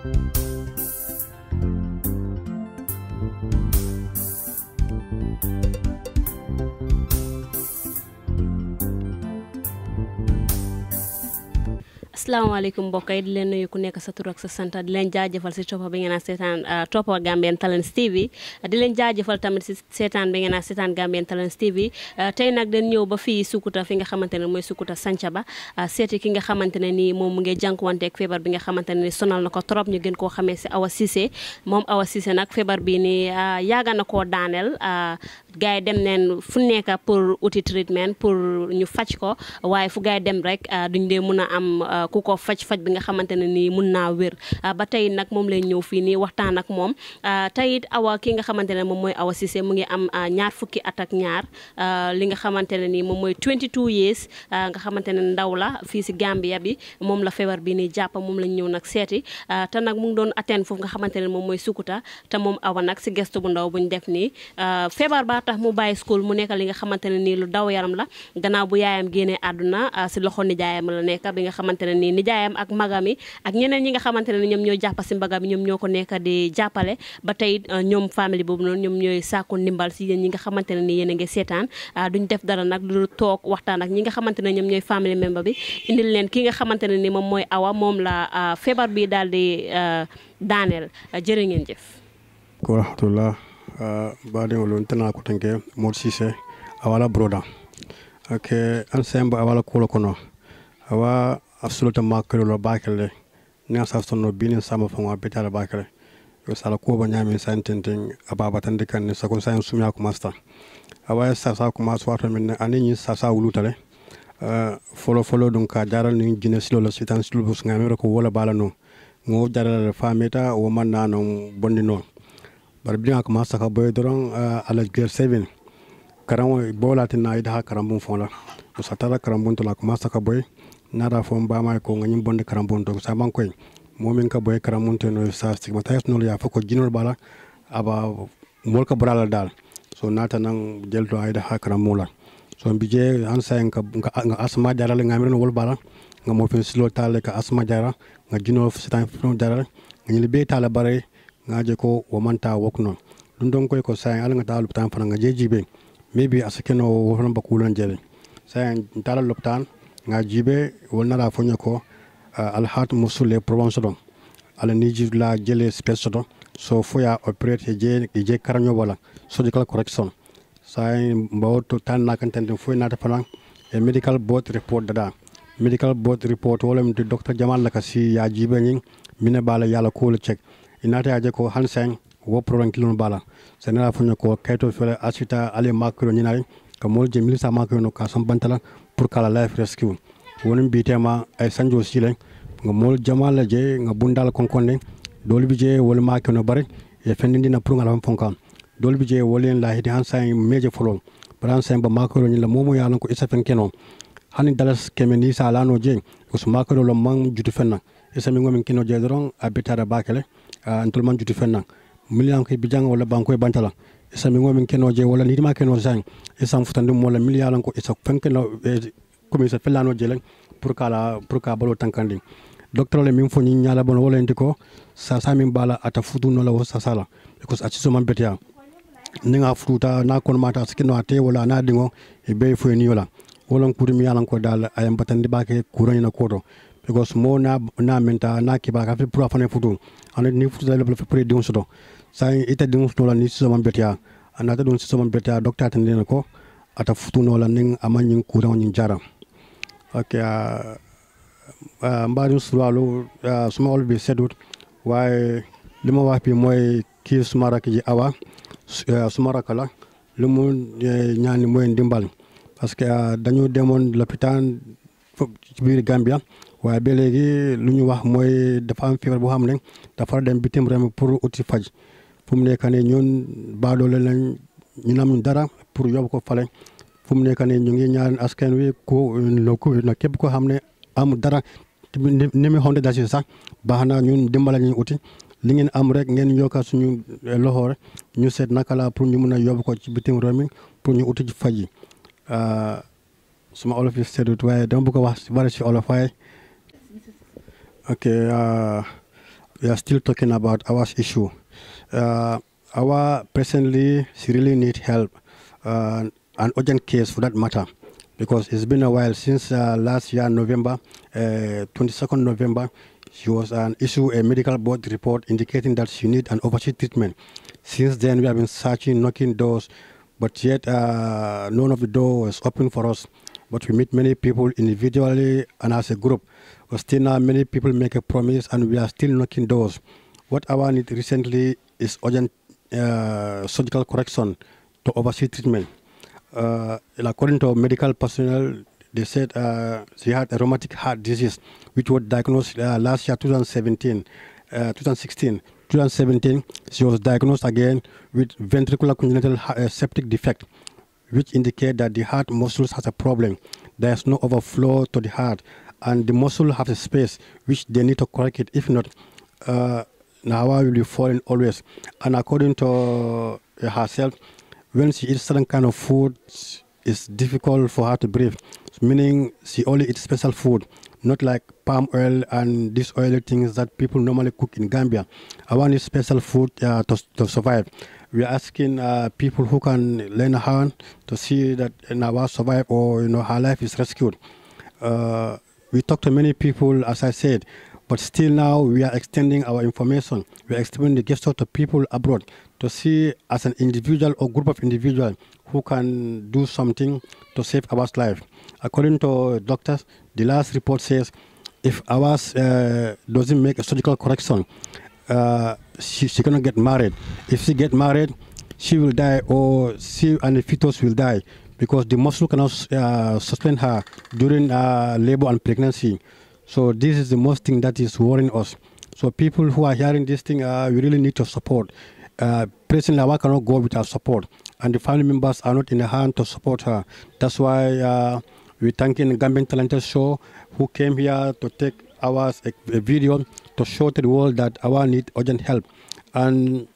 Thank you. asalaamaaleykum mbokk yi di leen nuyu ku nekk sa tur ak sa sant di leen jaajëfal si toppa bi ngeen a seetaan ah, toppa Gambian Talents TV di leen jaajëfal tamit si seetaan bi ngeen a seetaan Gambian Talents TV ah, tey nag dañ ñëw ba fii Sukuta fi nga xamante ne mooy Sukuta Sanchaba ah, seeti ki nga xamante ne nii moom mu ngi jànkuwanteeg feebar bi nga xamante ne ni sonal na ko trop ñu gën koo xamee si Awa Ceesay moom Awa Ceesay nag feebar bi nii yaaga na koo daaneel gars yi dem neen fu nekk pour uti treatment pour ñu faj ko waaye fu gars yi rek duñ dee mun a am ku ko faj faj bi nga xamante ne nii mun naa wér ah, ba tey nak mom lay ñëw fii nii waxtaan ak ah, awa ki nga xamante awa Cissé mu ngi am ah, ñaar fukki at ak ñaar li nga xamante ne 22 years nga xamante ne ndaw la fii si Gambia bi moom la feebar bi nii jàpp moom lañ ñëw nag seeti te nag mu ngi doon atteindre foofu nga xamante ne moom Sukuta te awa nak si gestu bu ndaw buñ def tax mu school mu nekk li nga xamante ne nii lu daw yaram la gannaaw bu yaayam génnee àdduna loxo la nekk bi nga ni nijaayam ak magami ak ñeneen ñi nga xamantene ñom ñoo ñooy ci si ñom ñoko ñoom nekk di jappalé ba tay euh, ñom family bobu non ñom ñoy sàkku nimbal ci yéen ñi nga xamantene ni yéen a ngi ah, duñ def dara nak lu tok waxtaan ak ñi nga xamantene ñom ñoy family member bi indil leen ki nga xamantene ni mom moy awa mom la ah, febar bi dal di ah, daaneel jërë ngeen jëf ko rahmatullah baadiŋolon tena kutenke moolu siise awala broda ake ansemba awala kulo kono awa absolutement kelolo bakele nya safsono binin sama fongo betala bakele yo sala kuoba ñamin santenten ababa tande kanne sako sayen sumya ko masta awa sasa ko mas wato min ani ñi sasa wulutale uh, folo folo dun ka jaral ni jine silo lo sitan silo bus ngame ko wala bala no ngo jaral fameta o man nano bondi no bar bi ko masta ka boy doron uh, ala ger 7 karam bola tin na ida karam bun fon la musatara karam bun to la ko masta ka boy nada fo mbama ko ngani bonde karam bon dog sa man koy momin ka boy karam mun no sa stigma tayes no ya foko jinol bala aba mol ka bala dal so nata nan jelto ayda ha karam mola so bije an sa en ka nga asma dara le ngamir no wol bala nga mo fin silo tale ka asma dara nga jinol sitan fino dara ngani be tala bare nga ngaje ko wo womanta wokno dun don koy ko sa en al nga dalu tan fana nga jejibe maybe asakeno wofan bakulan jere sa en tala loptan nga jibe wona ra fonyo ko uh, alhat musule province don ala niji la jele space don so foya operate je je karanyo wala surgical correction sai mbawoto tan na kan tan foy na ta fana e medical board report dada medical board report wala mi docteur jamal la kasi ya jibe ni mine bala yala ko le check inata ya je ko hansen wo problem kilon bala senera fonyo ko kayto fele asita ale makro nyinari kamol je milisa makro no ka sam bantala pour kala life rescue wonin bitema ay sanjo sile nga mol jamala je nga bundal konkonde dol bi je wol ma kono bare e fendindi na pour ngala fonka dol bi je wolen la hidi han sai meje folo pran sai ba makoro ni la momo yalan ko isa fen kenon hani dalas keme ni sa lano je us makoro lo man jutu fenna isa mi ngomin kino je doron a bitara bakele antul man jutu fenna miliyan ko bijanga wala banko e bantala isa mi ngomin keno je wala nitima keno sang isa futande mo la miliyalan ko isa fanke la komi sa fellano je lan pour kala pour ka balo tankandi docteur le min fo ni nyala bon wala ndiko sa sa min ata fudu no la sa sala because ati so man betia ni nga futa na kon mata sikino ate wala na dingo e be fo e ni wala wolon kurmi yalan ko dal ayam batandi bake kurani na kodo because mo na na menta na ke ba ka pura fana futu ana ni futu da level pure dion soto sai ita dion soto la ni so man betia ana ta don so man betia doctor tan den ko ata futu no la ning ama nyin ku da nyin jara okay uh, uh, mbadin suralo uh, suma ol be sedut waye lima wax bi moy ki sumara ki awa sumara kala limu ñaani e, moy ndimbal parce que dañu demone l'hôpital ci biir gambia waaye ba léegi lu ñu wax mooy dafa am feebar boo xam ne dafa dem bitim réew pour ci faj fu mu nekk nii ñun baadoole lañ ñu am dara pour yóbbu ko fale fu mu nekk nii ñu ngi ñaan askan wi ko na képp koo xam ne am dara ni mu xonte dasi sax baax naa ñun dimbala ñu uti li ngeen am rek ngeen yokka suñu loxo rek ñu seet naka laa pour ñu mun a yóbbu ko ci bitim réew mi pour ñu uti ci faj yi ah, ma olof yi seetut waaye dama bëgg a wax bari si olof waaye Okay, uh, we are still talking about our issue. Uh, our presently she really need help, uh, an urgent case for that matter, because it's been a while since uh, last year November, 22nd uh, November, she was an issue a medical board report indicating that she need an overseas treatment. Since then we have been searching, knocking doors, but yet uh, none of the door was open for us but we meet many people individually and as a group. But still now many people make a promise and we are still knocking doors. What our need recently is urgent uh, surgical correction to oversee treatment. Uh, according to medical personnel, they said uh, she had a rheumatic heart disease, which was diagnosed uh, last year, 2017, uh, 2016. 2017, she was diagnosed again with ventricular congenital uh, septic defect which indicate that the heart muscles has a problem. There is no overflow to the heart, and the muscle has a space which they need to correct it. If not, uh, Nawa will be falling always. And according to uh, herself, when she eats certain kind of food, it's difficult for her to breathe. Meaning she only eats special food, not like palm oil and these oily things that people normally cook in Gambia. I want special food uh, to, to survive we are asking uh, people who can lend a hand to see that Nawa survive or you know her life is rescued. Uh, we talked to many people, as I said, but still now we are extending our information. We are extending the gesture to people abroad to see as an individual or group of individuals who can do something to save Awa's life. According to doctors, the last report says if Awas uh, doesn't make a surgical correction, uh, she, she cannot get married. If she get married, she will die or she and the fetus will die because the muscle cannot uh, sustain her during uh, labor and pregnancy. So this is the most thing that is worrying us. So people who are hearing this thing, uh, we really need your support. Uh, President Lawa cannot go without support, and the family members are not in the hand to support her. That's why uh, we're thanking Gambian Talented Show who came here to take our eh, video to show to the world that our need urgent help. And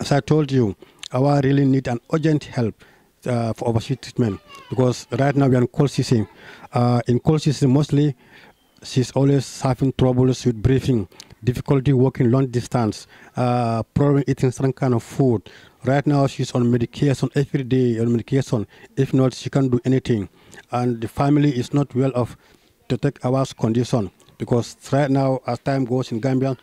as I told you, our really need an urgent help uh, for overseas treatment because right now we are in cold season. Uh, in cold season, mostly she's always having troubles with breathing, difficulty walking long distance, uh, problem eating certain kind of food. Right now, she's on medication every day on medication. If not, she can't do anything, and the family is not well off to take our condition because right now, as time goes in Gambia,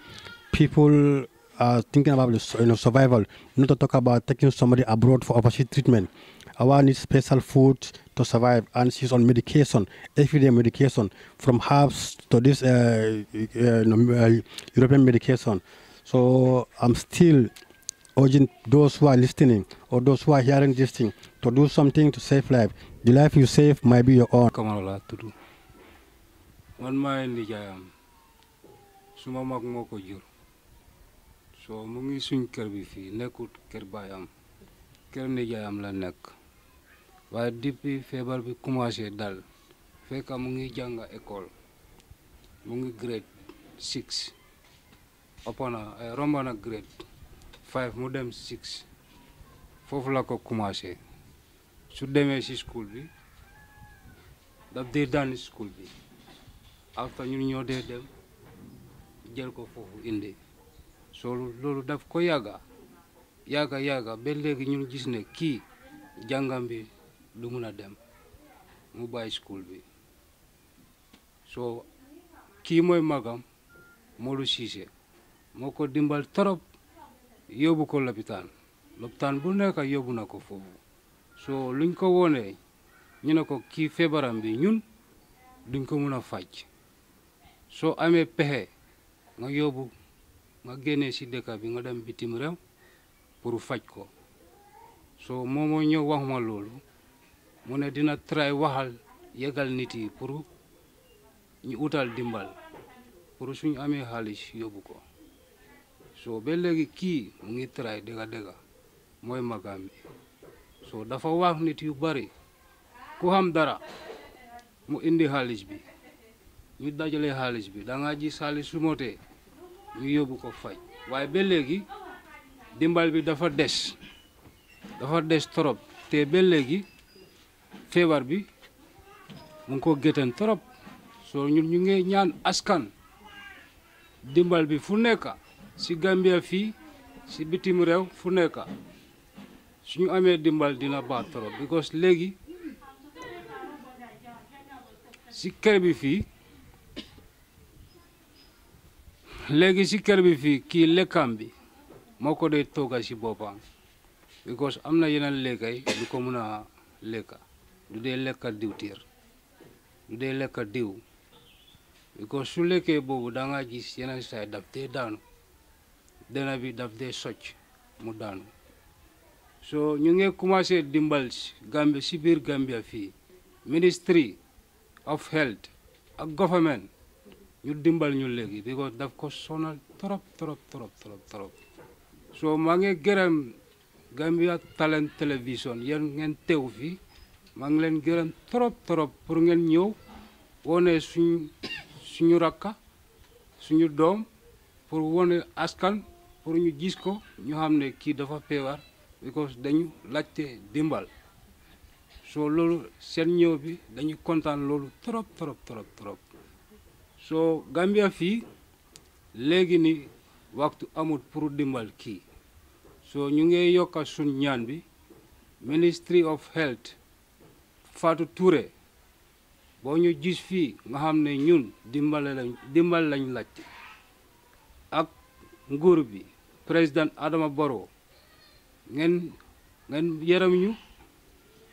people are thinking about you know, survival, not to talk about taking somebody abroad for opposite treatment. Our needs special food to survive, and she's on medication, everyday medication, from herbs to this uh, uh, uh, European medication. So I'm still urging those who are listening or those who are hearing this thing to do something to save life. The life you save might be your own. man maay nijaayam suma mag moo ko jur soo mu ngi suñ kër bi fii nekkut kër baayam kër nijaayam la nekk waaye depuis feebar bi commencé dal fekka mu ngi jàng ekool mu ngi grade six opana ay eh, romba na grade mu dem six foofu la ko commencé su demee si school bi daf dee daani school bi alors que ñun ñoo dee jël ko foofu indi soolu loolu daf ko yàgga yàgga yàgga ba léegi ñun gis ne kii jàngam bi du a dem mu bàyyi school bi soo kii mooy magam Modou Ceesay moo ko dimbal torop yobu ko lopitaan lopitaan bu nekk yóbbu na ko foofu soo luñ ko woonee ñu ne ko kii feebaram bi ñun duñ ko mun a faj soo amee pexe nga yobu nga génnee ci dëkk bi nga dem bitim réew pour faj ko soo moom moo ñëw wax ma loolu mu ne dina tray waxal yëgal nit yi pour ñu utal dimbal pour suñu amee xaalis yobu ko soo ba léegi kii mu ngi tray dëgga dëgga mooy magam bi soo dafa wax nit yu bari ku xam dara mu indi xaalis bi ñu dajale halis bi da salis gis xaalis su moté ñu yóbbu ko fay waaye dimbal bi dafa des dafa des trop te ba léegi feebar bi mu geten ko So trop so ñun ñu ngi ñaan askan dimbal bi fu nekk si Gambia fi, si bitim rew fu nekk suñu amé dimbal dina ba trop because léegi si kër fi. léegi si kër bi fii kii lekkam bi moo ko dee tooga si boppam because am na yeneen lekkay du ko mun a lekka du dee lekka diw tiir du dee lekka diw because su lekkee boobu da nga gis yeneen saay daf dee daanu dena bi daf dee socc mu daanu soo ñu ngi commencé dimbal Gambia si biir Gambia fii ministry of health ak government ñu dimbal ñu légui bi ko daf ko sonal torop torop torop torop torop so ma nge gërëm Gambia Talent Television yeen ngeen tew fi ma ngi leen gërëm torop torop pour ngeen ñëw woné suñu suñu rakka suñu dom pour woné askan pour ñu gis ko ñu xamné ki dafa pewar because dañu laccé dimbal So lolu sen ñëw bi dañu contane lolu trop trop trop trop soo Gambia fii léegi ni waxtu amut pour dimbal kii soo ñu ngi yokka suñ ñaan bi Ministry of Health Fatou Touré boo ñu gis fii nga xam ne ñun dimbale dimbal lañ laajte ak nguur bi président Adama Barrow ngeen yaram ñu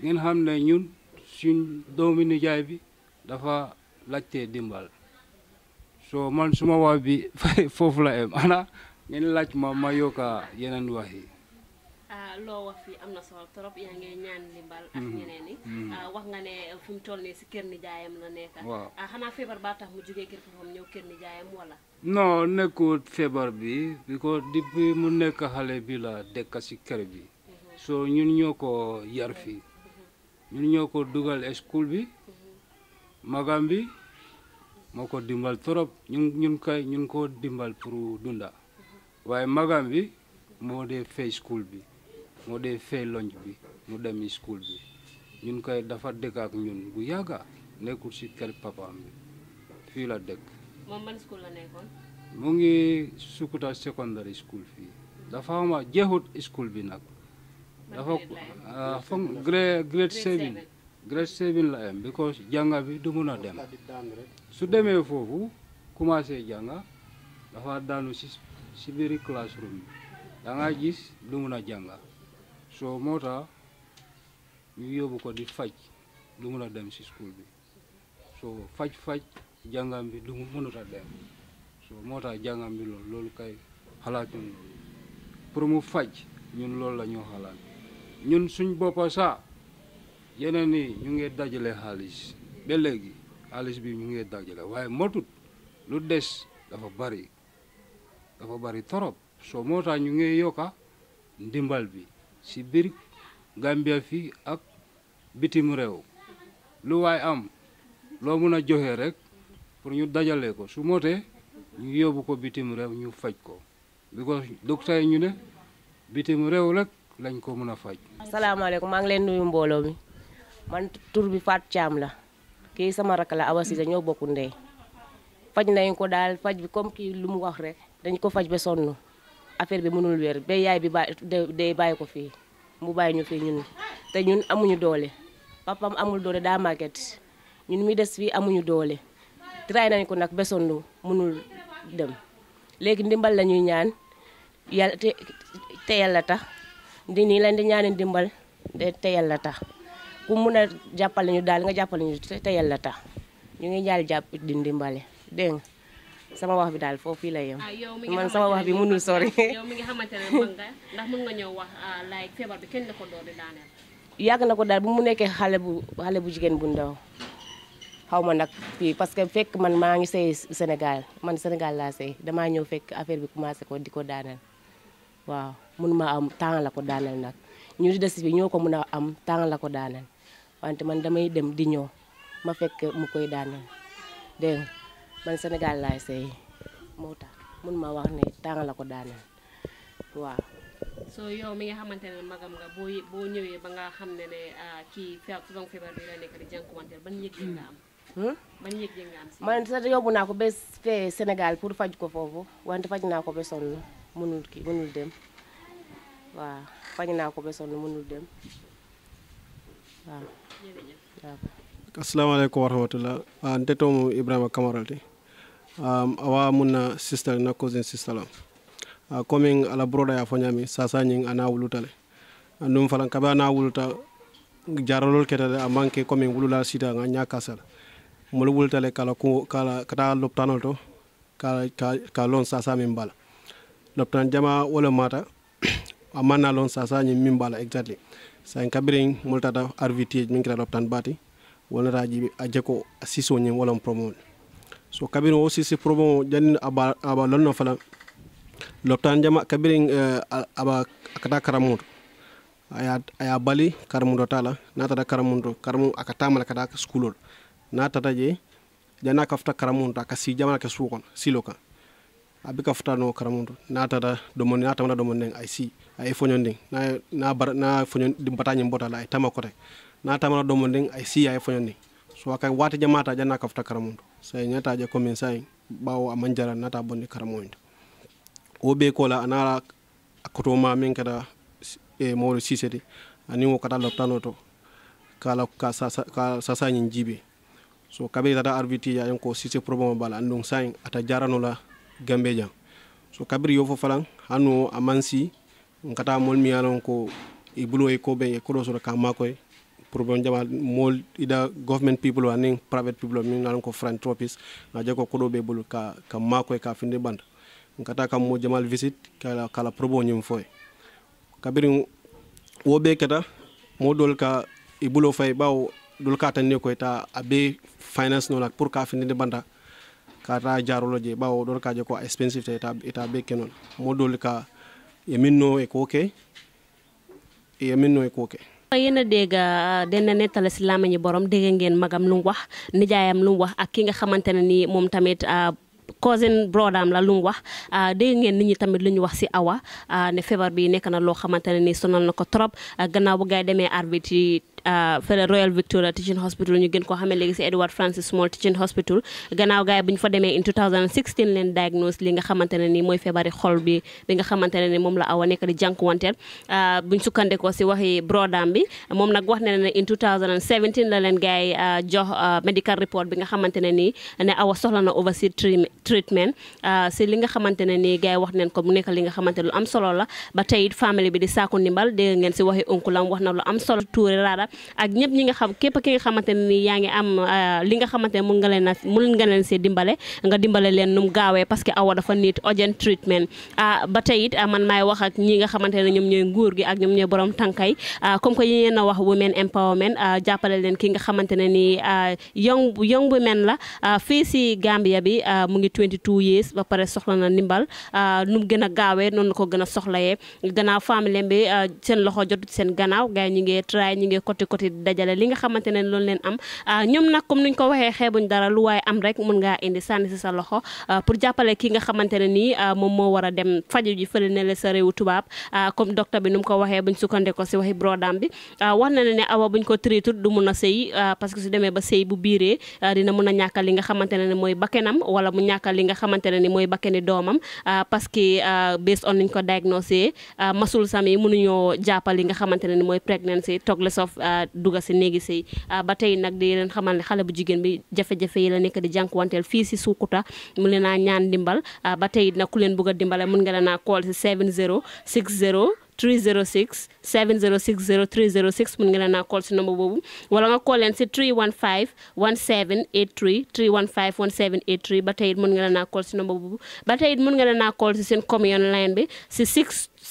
ngeen xam ne ñun suñ doomi nijaay bi dafa laajte dimbal so man suma wax bi foofu la em ana ngeen laaj ma ma yokka yeneen wax yi ah, loo wax fii am na solo trop yaa ngi ñaan ndimbal ak mhm. ñeneen yi mhm. ah, wax nga ne fi toll nii si kër nijaayam la nekk waaw ah, feebar baa tax mu jógee kër foofu ñëw kër nijaayam wala non nekkul feebar bi because depuis mu nekk xale bi la dëkk si kër bi mhm. so ñun ñoo ko yar fii ñun ñoo ko dugal school bi magam bi moo ko dimbal trop ñun ñun kay ñun koo dimbal pour dunda waaye magam bi moo dee fay school bi moo dee fay lonj bi mu demi school bi ñun kay dafa dëkk ak ñun bu yàgga nekkul si kër papaam bi fii la dëkk moom mu ngi Sukuta secondary school fii dafa xama jeexut school bi nag dafa ah, foog grade grade seven grade seven la am because janga bi du mun dem su demee fofu commencé janga dafa daanu ci ci biir classroom da nga gis du janga so mota ñu yobu ko di fajj du mun dem ci school bi so faj-faj janga bi du munut dem so mota janga bi loolu loolu kay xalaatuñ pour mu faj ñun loolu la ñu xalaat ñun suñ boppa sa yeneen yi ñu ngi dajale xaalis ba léegi xaalis bi ñu ngi dajale waaye motut lu des dafa bari dafa bari torop soo moo tax ñu ngi yokka ndimbal bi si biir Gambia fii ak bitim réew lu waay am loo mun a joxe rek pour ñu dajale ko su motee ñu yóbbu ko bitim réew ñu faj ko because docteur yi ñu ne bitim réew rek lañ ko mën a faj. asalaamaaleykum maa ngi leen nuyu mbooloo mi. man tur bi faat caam la kii sama rak la Awa Cissé ñoo bokk ndey faj nañ ko daal faj bi comme kii lu mu wax rek dañ ko faj ba sonn affaire bi mënul weer ba yaay bi de day bàyyi ko fii mu bàyyi ñu fii ñun te ñun amuñu doole papam amul doole daa màgget ñun mi des fii amuñu doole tiraay nañ ko nag ba sonn mënul dem léegi ndimbal la ñuy ñaan yàlla te te yàlla tax di nii lañ di ñaani ndimbal te te yàlla tax ku mun a jàppale ñu daal nga jàppale ñu te yàlla tax ñu ngi ñaal jàpp di ndimbale dégg nga sama wax bi daal foofu la yem. Ah, man sama wax bi mënul sori. yow mi nga xamante ne mën nga ndax mën nga ñëw wax ah, laay feebar bi kenn la ko door di daaneel. yàgg na ko daal bu mu nekkee xale bu xale bu jigéen bu ndaw xaw ma nag fii parce que fekk man maa ngi sey Sénégal man Sénégal laa sey damaa ñëw fekk affaire bi commencé ko di ko daaneel waaw mun ma am temps la ko daaneel nag ñu di des bi ñoo ko mun a am temps la ko daaneel. wante man damay dem di ñëw ma fekk mu koy daaneel dégg man Sénégal laay seey moo tax mun ma wax ne tàng la ko daaneel waaw. soo yow mi nga xamante ne magam nga boo boo ñëwee ba nga xam ne ne ah, kii feebar feebar nekk di jànkuwanteel ban yëg-yëg nga am. Hmm? man sax yóbbu naa ko ba fee Sénégal pour faj ko foofu wante faj naa ko ba sonn mënul kii mënul dem waaw faj naa ko ba sonn mënul dem. assalamu aleykum warahmatullah uh, ndetomo ibrahima kamaralti um, awa munna sister na cousin sister la uh, coming ala broda ya foñami sasañing ana wulutale uh, num falan kabe ana wuluta jaralol ketale a manke coming wulula sita nga ñakasala mulu wulutale kala ku kala kata loptanol to ka ka, ka lon sasamin bala loptan jama wala mata amanna lon sasañi min bala exactly sen kabirin multata arvitie min kiraɗo bati baati wonataji a jeko sisoñin walan promo so kabirin o sisi promo janni aba aba lonno fala loptan jama kabirin eh, aba akata karamuto aya aya bali karamudo tala natata karamudo karamu akatamala kata skulol natata je jana kafta karamudo aka si jamala ke suukon silo abe ka futa no karamundo na tata domon na tamana domon neng ay si ay fonyon ding na e, na bar na fonyon di batanye mbota la ay e tama kote na tamana domon ay si ay fonyon ding so akay wati jamata janna ka futa karamundo sai nyata je komen sai bawo amanjara nata bonde karamundo obe kola anara akotoma min kada e mawlo sisede ani wo kata loptano to kala ka sasa ka sasa nyin jibe so kabe tata arbitre ya ko problem bala andung sai ata jaranola gambe so kabri yo fo fanan amansi a mansi n ka ko i buloo e ko beŋ ye ko doo soto kaa problème jama mol ida government people aniŋ private people miŋ ye ko philanthropist a na ko kodoo be i bulu ka ka maakoyi ka finde band n ka mo moo jamal visit ka la ka la proboo ñiŋ fo ye wo ka e buloo fay baw doolu ka a ne ko ta abe finance no la pour ka finde banda kata jarulo je ɓawo ɗon kaje ko expensive ta ita be kenon modol ka yeminno e koke yeminno e koke yéen a ah, dégg dina nettali si làmmiñi borom dégg ngeen magam lu mu wax nijaayam lu mu wax ak ki nga xamante ne ni moom tamit ah, cousin brodaam la lu mu wax ah, dégg ngeen nit ñi tamit lu ñu wax si awa ne feebar bi nekk na loo xamante ne ni sonal na ko trop gannaaw bu gaay demee arbitre Euh, fële Royal Victoria Teaching Hospital ñu gën koo xamee léegi si Edward Francis Small Teaching Hospital gannaaw gaay bu ñu demee in leen diagnose li nga xamante ne mooy feebari xol bi nga xamante ne euh, moom nag wax ne in la leen gaay euh, jox medical report bi nga xamante nii ne awa soxla na overseas treatment si li nga xamante nii gaay wax neen ko mu li nga xamante lu am solo la ba tey it bi di saaku ndimbal dégg ngeen si waxi ak ñëpp ñi nga xam képp ki nga xamante ne yaa ngi am euh, li nga xamante ne mun a mun nga leen see dimbale nga dimbale leen num gaawee ah, ah, ne ñoom ñooy nguur gi ak ñoom ñooy ah, que yi ngeen a wax women empowerment jàppale leen ki nga xamante ne ni young young la fii si Gambia bi mu ngi 22 years ba pare soxla na ndimbal nu mu gën a gaawee noonu ko gën a soxlayee gannaaw famille bi seen loxo jotut seen gannaaw gars yi ñu try ñu ngi côté côté côté dajale li nga xamante ne loolu leen am ah, ñoom nag comme nuñ ko waxee xeebuñ dara lu waaye am rek mun ngaa indi sànni sa loxo ah, pour jàppale ki nga xamante ne ah, a a a ni mooy bakkenam wala mu ñàkkal nga xamante ne ni mooy bakkeni doomam parce on niñ ko diagnosé masul sami mënuñoo jàppal nga xamante ne ni mooy pregnancy togle sof dugg si néegi sëy ba nag di leen xamal ne xale bu jigéen bi jafe-jafe yi la nekk di jànkuwanteel fii si Sukuta mu leen a ñaan dimbal ba tey nag ku leen bëgg a dimbale mun nga leen a call si 70 60 306 7060 306 mun nga leen a call si nomba boobu wala nga call leen si 315 1783 315 1783 ba tey it mun nga leen a call si nomba boobu mun nga call si seen commune line bi si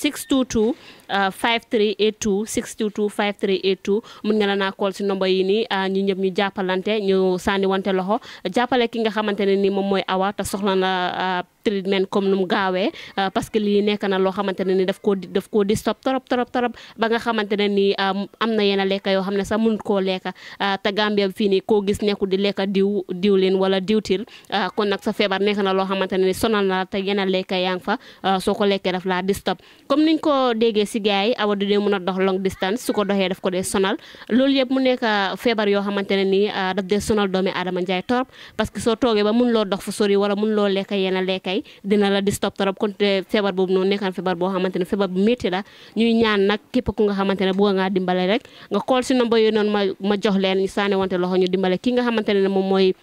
622 5382 622 5382 mun nga na naa call si nomba yi nii uh, ñu ñëpp ñu jàppalante ñu sànni wante loxo jàppale ki nga xamante ne nii moom mooy Awa te soxla na uh, traitement comme nu mu gaawee uh, parce que lii nekk na loo xamante ne ni daf koo daf koo di stop torop torop nga xamante ne ni um, am na yenn lekk yoo xam ne sax mun koo lekk te Gambia fii nii koo gis nekku di lekk diw diwlin wala diwtir kon nag sa feebar nekk na loo xamante ne ni sonal na la te yenn lekk yaa ngi soo ko lekkee comme niñ ko déggee si gars yi awa du dee mën a dox long distance su ko doxee daf ko dee sonal loolu yëpp mu nekk euh, feebar yoo xamante ne nii euh, daf dee sonal doomi aadama njaay torop parce que soo toogee ba mun loo dox fu sori wala mun loo lekka yenn lekkay dina la distop torop kon te feebar boobu noonu nekkaan feebar boo xamante ne feebar bu métti la ñuy ñaan nag képp ku nga xamante ne bëgg ngaa dimbale rek nga xool si nomba yooyu noonu ma ma jox leen ñu saane wante loxo ñu dimbale ki nga xamante ne moom mooy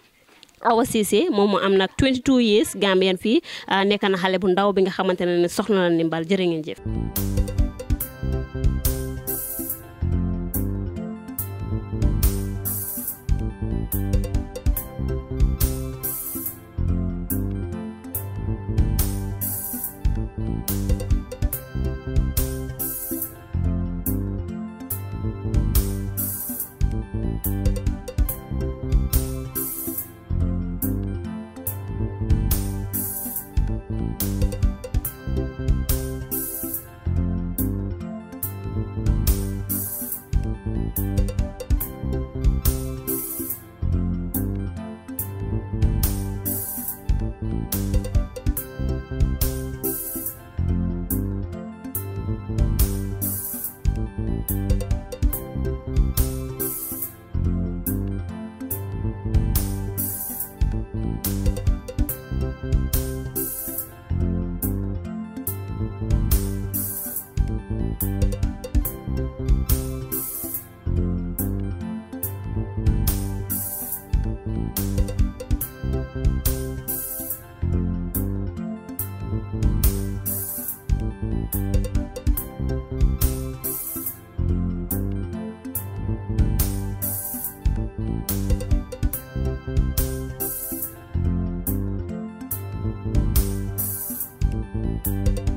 Awa Cissé moom mu am nag 22 years Gambien fii ah, nekk na xale bu ndaw bi nga xamante ne soxla na ndimbal jërë ngeen jëf. you.